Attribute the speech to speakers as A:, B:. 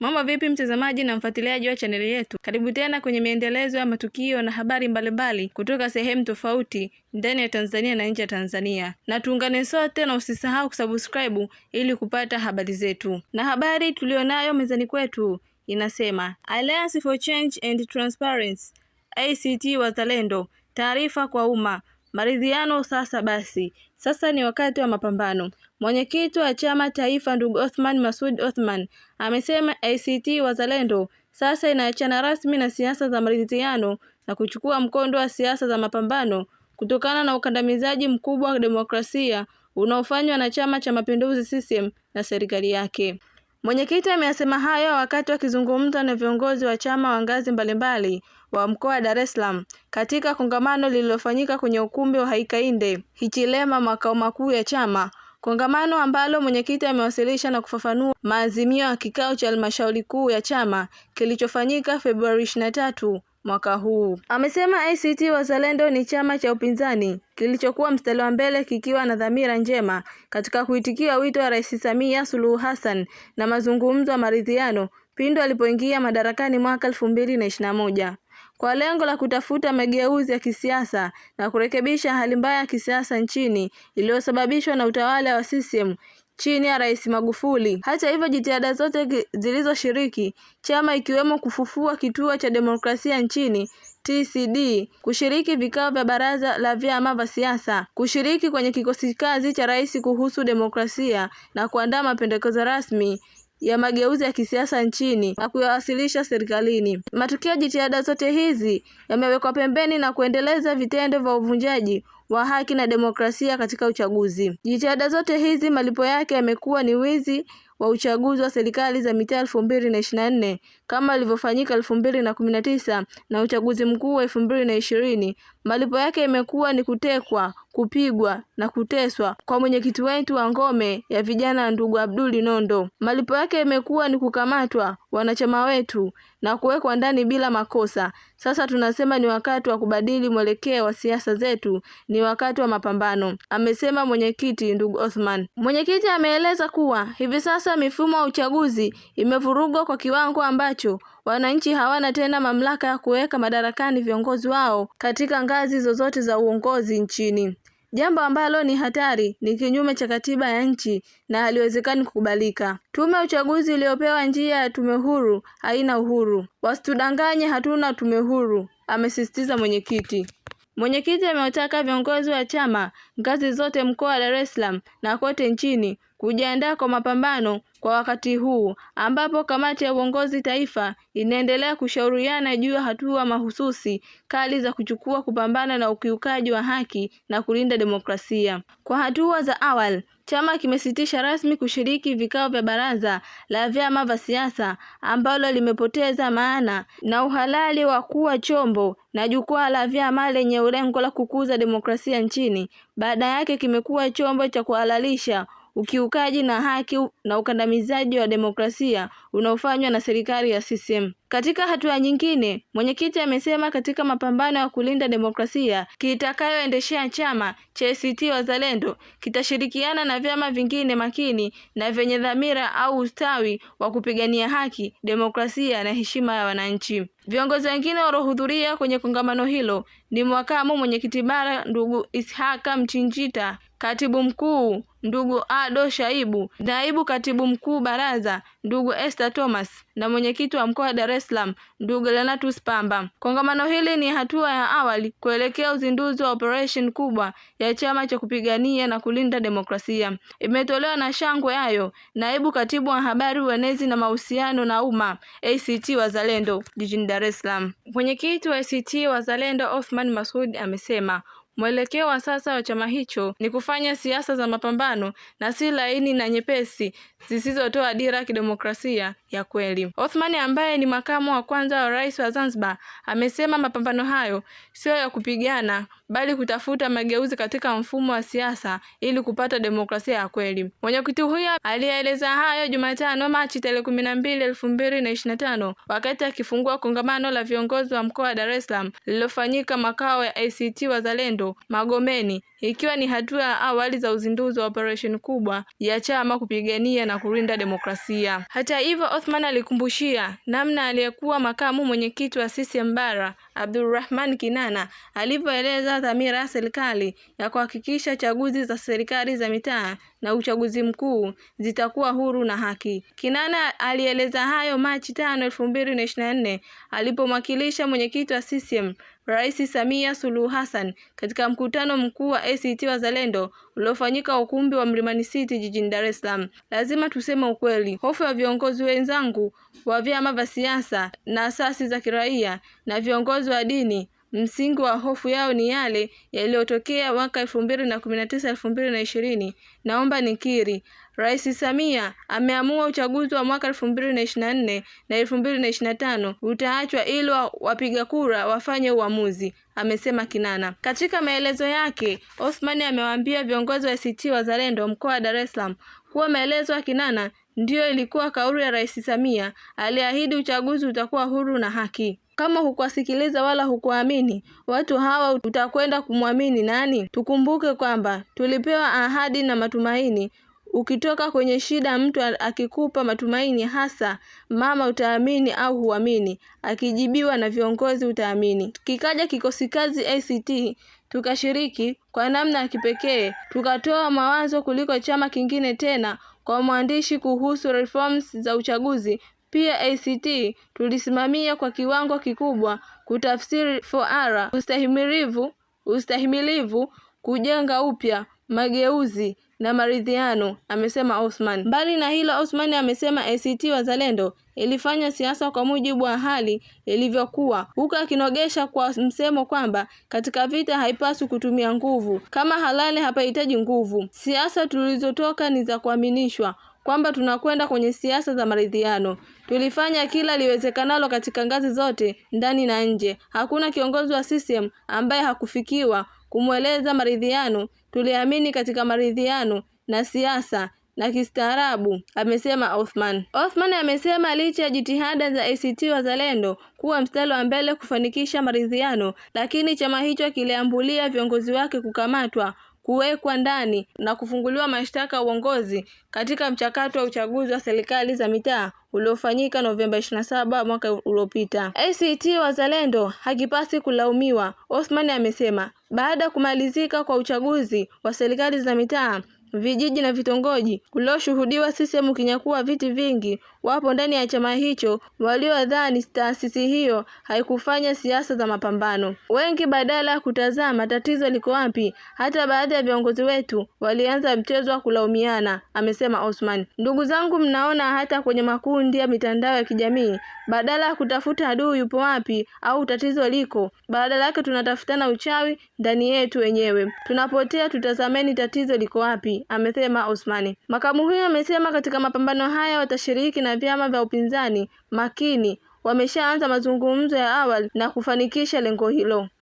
A: Mambo vipi mtazamaji na mfuatiliaji wa chaneli yetu, karibu tena kwenye maendelezo ya matukio na habari mbalimbali mbali kutoka sehemu tofauti ndani ya Tanzania na nje ya Tanzania, na tuungane sote, na usisahau kusubscribe ili kupata habari zetu. Na habari tulionayo mezani kwetu inasema Alliance for Change and Transparency, ACT Wazalendo, taarifa kwa umma Maridhiano sasa basi. Sasa ni wakati wa mapambano. Mwenyekiti wa chama taifa ndugu Othman Masud Othman amesema ACT Wazalendo sasa inaachana rasmi na siasa za maridhiano na kuchukua mkondo wa siasa za mapambano kutokana na ukandamizaji mkubwa wa demokrasia unaofanywa na Chama cha Mapinduzi CCM na serikali yake. Mwenyekiti ameyasema hayo wakati akizungumza na viongozi wa chama wa ngazi mbalimbali wa mkoa wa Dar es Salaam katika kongamano lililofanyika kwenye ukumbi wa Haikainde Hichilema, makao makuu ya chama, kongamano ambalo mwenyekiti amewasilisha na kufafanua maazimio ya kikao cha halmashauri kuu ya chama kilichofanyika Februari ishirini na tatu mwaka huu. Amesema ACT Wazalendo ni chama cha upinzani kilichokuwa mstari wa mbele kikiwa na dhamira njema katika kuitikia wito wa Rais Samia Suluhu Hassan na mazungumzo ya maridhiano pindi alipoingia madarakani mwaka elfu mbili na ishirini na moja kwa lengo la kutafuta mageuzi ya kisiasa na kurekebisha hali mbaya ya kisiasa nchini iliyosababishwa na utawala wa CCM chini ya Rais Magufuli. Hata hivyo, jitihada zote zilizoshiriki chama ikiwemo kufufua kituo cha demokrasia nchini TCD, kushiriki vikao vya baraza la vyama vya siasa, kushiriki kwenye kikosi kazi cha rais kuhusu demokrasia na kuandaa mapendekezo rasmi ya mageuzi ya kisiasa nchini na kuyawasilisha serikalini. matukio ya jitihada zote hizi yamewekwa pembeni na kuendeleza vitendo vya uvunjaji wa haki na demokrasia katika uchaguzi. Jitihada zote hizi malipo yake yamekuwa ni wizi wa uchaguzi wa serikali za mitaa elfu mbili na ishirini na nne kama ilivyofanyika elfu mbili na kumi na tisa na uchaguzi mkuu wa elfu mbili na ishirini. Malipo yake imekuwa ni kutekwa, kupigwa na kuteswa kwa mwenyekiti wetu wa ngome ya vijana ndugu Abduli Nondo. Malipo yake imekuwa ni kukamatwa wanachama wetu na kuwekwa ndani bila makosa. Sasa tunasema ni wakati wa kubadili mwelekeo wa siasa zetu, ni wakati wa mapambano, amesema mwenyekiti ndugu Othman. Mwenyekiti ameeleza kuwa hivi sasa mifumo ya uchaguzi imevurugwa kwa kiwango ambacho wananchi hawana tena mamlaka ya kuweka madarakani viongozi wao katika ngazi zozote za uongozi nchini jambo ambalo ni hatari, ni kinyume cha katiba ya nchi na haliwezekani kukubalika. Tume ya uchaguzi iliyopewa njia ya tume huru haina uhuru. Wasitudanganye, hatuna tume huru, amesisitiza mwenyekiti. Mwenyekiti amewataka viongozi wa chama ngazi zote mkoa wa Dar es Salaam na kote nchini kujiandaa kwa mapambano kwa wakati huu ambapo kamati ya uongozi taifa inaendelea kushauriana juu ya hatua mahususi kali za kuchukua kupambana na ukiukaji wa haki na kulinda demokrasia. Kwa hatua za awali, chama kimesitisha rasmi kushiriki vikao vya baraza la vyama vya siasa ambalo limepoteza maana na uhalali wa kuwa chombo na jukwaa la vyama lenye lengo la kukuza demokrasia nchini. Baada yake kimekuwa chombo cha kuhalalisha ukiukaji na haki na ukandamizaji wa demokrasia unaofanywa na serikali ya CCM. Katika hatua nyingine, mwenyekiti amesema katika mapambano ya kulinda demokrasia, kitakayoendeshea chama cha ACT Wazalendo kitashirikiana na vyama vingine makini na vyenye dhamira au ustawi wa kupigania haki, demokrasia na heshima ya wananchi. Viongozi wengine waliohudhuria kwenye kongamano hilo ni mwakamu mwenyekiti bara ndugu Ishaka Mchinjita Katibu Mkuu ndugu Ado Shaibu, Naibu Katibu Mkuu Baraza ndugu Esther Thomas na mwenyekiti wa mkoa wa Dar es Salaam ndugu Lenatus Pamba. Kongamano hili ni hatua ya awali kuelekea uzinduzi wa operation kubwa ya chama cha kupigania na kulinda demokrasia. Imetolewa na shangwe hayo naibu katibu wa habari, uenezi na mahusiano na umma ACT Wazalendo jijini Dar es Salaam. Mwenyekiti wa ACT Wazalendo Othman Masud amesema Mwelekeo wa sasa wa chama hicho ni kufanya siasa za mapambano na si laini na nyepesi zisizotoa dira ya kidemokrasia ya kweli. Othman ambaye ni makamu wa kwanza wa rais wa Zanzibar amesema mapambano hayo sio ya kupigana bali kutafuta mageuzi katika mfumo wa siasa ili kupata demokrasia ya kweli. Mwenyekiti huyo aliyeeleza hayo Jumatano, Machi tarehe kumi na mbili elfu mbili na ishirini na tano wakati akifungua kongamano la viongozi wa mkoa wa Dar es Salaam lililofanyika makao ya ACT Wazalendo Magomeni, ikiwa ni hatua ya awali za uzinduzi wa operesheni kubwa ya chama kupigania na kulinda demokrasia. Hata hivyo, Othman alikumbushia namna aliyekuwa makamu mwenyekiti wa CCM Bara Abdulrahman Kinana alivyoeleza dhamira ya serikali ya kuhakikisha chaguzi za serikali za mitaa na uchaguzi mkuu zitakuwa huru na haki. Kinana alieleza hayo Machi tano elfu mbili na ishirini na nne alipomwakilisha mwenyekiti wa CCM Rais Samia Suluhu Hassan katika mkutano mkuu wa ACT Wazalendo uliofanyika ukumbi wa Mlimani City jijini Dar es Salaam. Lazima tuseme ukweli, hofu ya viongozi wenzangu wa vyama vya siasa na asasi za kiraia na viongozi wa dini Msingi wa hofu yao ni yale yaliyotokea mwaka elfu mbili na kumi na tisa elfu mbili na ishirini. Naomba nikiri, Rais Samia ameamua uchaguzi wa mwaka elfu mbili na ishirini na nne na elfu mbili na ishirini na tano utaachwa ili wapiga kura wafanye uamuzi, amesema Kinana. Katika maelezo yake, Osman amewaambia viongozi wa ACT Wazalendo mkoa wa Dar es Salaam kuwa maelezo ya Kinana Ndiyo ilikuwa kauli ya Rais Samia. Aliahidi uchaguzi utakuwa huru na haki. Kama hukuwasikiliza wala hukuamini watu hawa, utakwenda kumwamini nani? Tukumbuke kwamba tulipewa ahadi na matumaini. Ukitoka kwenye shida, mtu akikupa matumaini, hasa mama, utaamini au huamini? Akijibiwa na viongozi, utaamini. Kikaja kikosi kazi ACT, tukashiriki kwa namna ya kipekee, tukatoa mawazo kuliko chama kingine tena kwa mwandishi kuhusu reforms za uchaguzi. Pia ACT tulisimamia kwa kiwango kikubwa kutafsiri foara, ustahimilivu, ustahimilivu, kujenga upya, mageuzi na maridhiano, amesema Osman. Mbali na hilo, osman amesema ACT Wazalendo ilifanya siasa kwa mujibu wa hali ilivyokuwa, huku akinogesha kwa msemo kwamba katika vita haipaswi kutumia nguvu, kama halali hapahitaji nguvu. Siasa tulizotoka ni za kuaminishwa kwamba tunakwenda kwenye siasa za maridhiano. Tulifanya kila liwezekanalo katika ngazi zote, ndani na nje. Hakuna kiongozi wa CCM ambaye hakufikiwa kumweleza maridhiano. Tuliamini katika maridhiano na siasa na kistaarabu, amesema Othman. Othman amesema licha ya jitihada za ACT Wazalendo kuwa mstari wa mbele kufanikisha maridhiano, lakini chama hicho kiliambulia viongozi wake kukamatwa kuwekwa ndani na kufunguliwa mashtaka ya uongozi katika mchakato wa uchaguzi wa serikali za mitaa uliofanyika Novemba 27 mwaka uliopita. ACT Wazalendo hakipasi kulaumiwa, Othman amesema. Baada ya kumalizika kwa uchaguzi wa serikali za mitaa, vijiji na vitongoji ulioshuhudiwa CCM ukinyakua viti vingi wapo ndani ya chama hicho waliodhani taasisi hiyo haikufanya siasa za mapambano. Wengi badala ya kutazama tatizo liko wapi, hata baadhi ya viongozi wetu walianza mchezo wa kulaumiana, amesema Osman. Ndugu zangu, mnaona hata kwenye makundi ya mitandao ya kijamii, badala ya kutafuta adui yupo wapi au tatizo liko, badala yake tunatafutana uchawi ndani yetu wenyewe, tunapotea. Tutazameni tatizo liko wapi, amesema Osman. Makamu huyo amesema katika mapambano haya watashiriki na vyama vya upinzani makini wameshaanza mazungumzo ya awali na kufanikisha lengo hilo